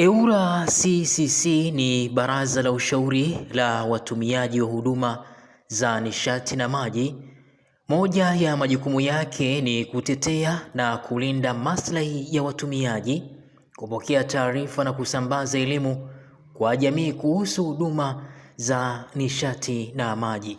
EWURA CCC ni baraza la ushauri la watumiaji wa huduma za nishati na maji. Moja ya majukumu yake ni kutetea na kulinda maslahi ya watumiaji, kupokea taarifa na kusambaza elimu kwa jamii kuhusu huduma za nishati na maji.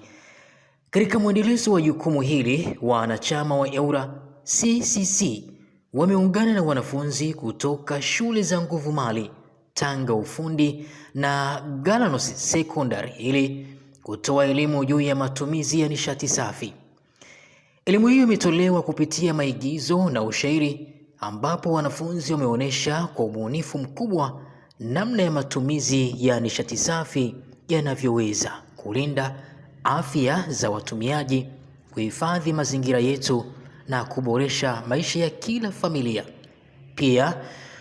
Katika mwendelezo wa jukumu hili, wanachama wa EWURA CCC wameungana na wanafunzi kutoka shule za Nguvu Mali, Tanga Ufundi na Galanos Secondary ili kutoa elimu juu ya matumizi ya nishati safi. Elimu hiyo imetolewa kupitia maigizo na ushairi ambapo wanafunzi wameonyesha kwa ubunifu mkubwa namna ya matumizi ya nishati safi yanavyoweza kulinda afya za watumiaji, kuhifadhi mazingira yetu na kuboresha maisha ya kila familia. Pia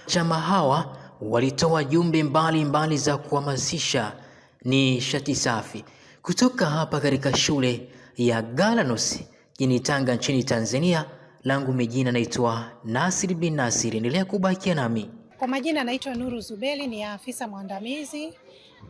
chama hawa walitoa jumbe mbalimbali za kuhamasisha nishati safi kutoka hapa katika shule ya Galanos jini Tanga nchini Tanzania. Langu mijina naitwa Nasir bin Nasir, endelea kubakia nami. Kwa majina naitwa Nuru Zubeli, ni afisa mwandamizi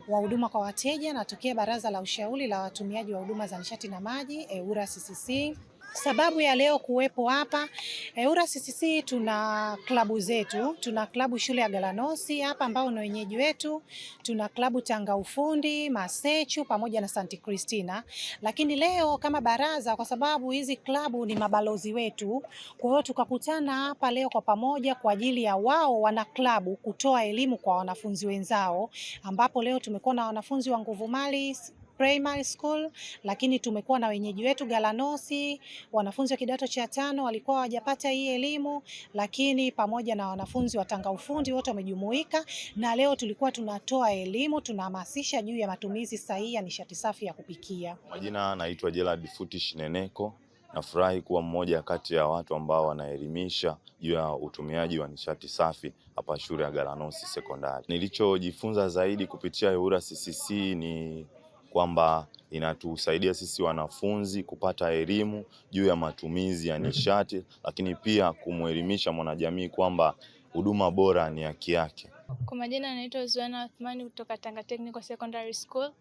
wa huduma kwa wateja, natokea Baraza la Ushauri la Watumiaji wa Huduma za Nishati na Maji, EWURA CCC sababu ya leo kuwepo hapa EWURA. Eh, CCC, tuna klabu zetu, tuna klabu shule ya Galanosi hapa ambao ni wenyeji wetu, tuna klabu Tanga Ufundi, Masechu pamoja na Santi kristina lakini leo kama baraza, kwa sababu hizi klabu ni mabalozi wetu, kwa hiyo tukakutana hapa leo kwa pamoja kwa ajili ya wao wana klabu kutoa elimu kwa wanafunzi wenzao, ambapo leo tumekuwa na wanafunzi wa nguvumali Primary School, lakini tumekuwa na wenyeji wetu Galanosi, wanafunzi wa kidato cha tano walikuwa hawajapata hii elimu, lakini pamoja na wanafunzi wa Tanga Ufundi wote wamejumuika, na leo tulikuwa tunatoa elimu, tunahamasisha juu ya matumizi sahihi ya nishati safi ya kupikia. Majina naitwa Gerald Futi Shineneko. Nafurahi kuwa mmoja kati ya watu ambao wanaelimisha juu ya utumiaji wa nishati safi hapa shule ya Galanosi Sekondari. Nilichojifunza zaidi kupitia EWURA CCC ni kwamba inatusaidia sisi wanafunzi kupata elimu juu ya matumizi ya nishati, lakini pia kumwelimisha mwanajamii kwamba huduma bora ni haki yake. Kwa majina anaitwa Zuena Athmani kutoka Tanga Technical Secondary School.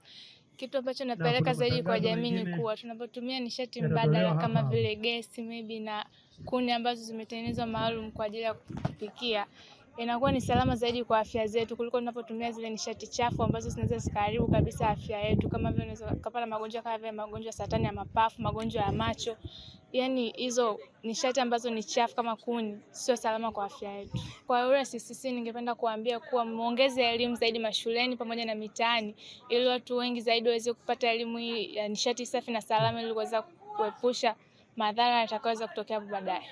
Kitu ambacho napeleka zaidi kwa jamii ni kuwa tunapotumia nishati mbadala kama vile gesi maybe na kuni ambazo zimetengenezwa maalum kwa ajili ya kupikia, inakuwa ni salama zaidi kwa afya zetu kuliko tunapotumia zile nishati chafu ambazo zinaweza zikaharibu kabisa afya yetu, kama vile unaweza kupata magonjwa kama vile magonjwa satani ya mapafu, magonjwa ya macho. Yani hizo nishati ambazo ni chafu kama kuni sio salama kwa afya yetu. Kwa hiyo sisi ningependa kuambia kuwa muongeze elimu zaidi mashuleni pamoja na mitaani, ili watu wengi zaidi waweze kupata elimu hii ya nishati safi na salama, ili kuweza kuepusha madhara yatakayoweza kutokea baadaye.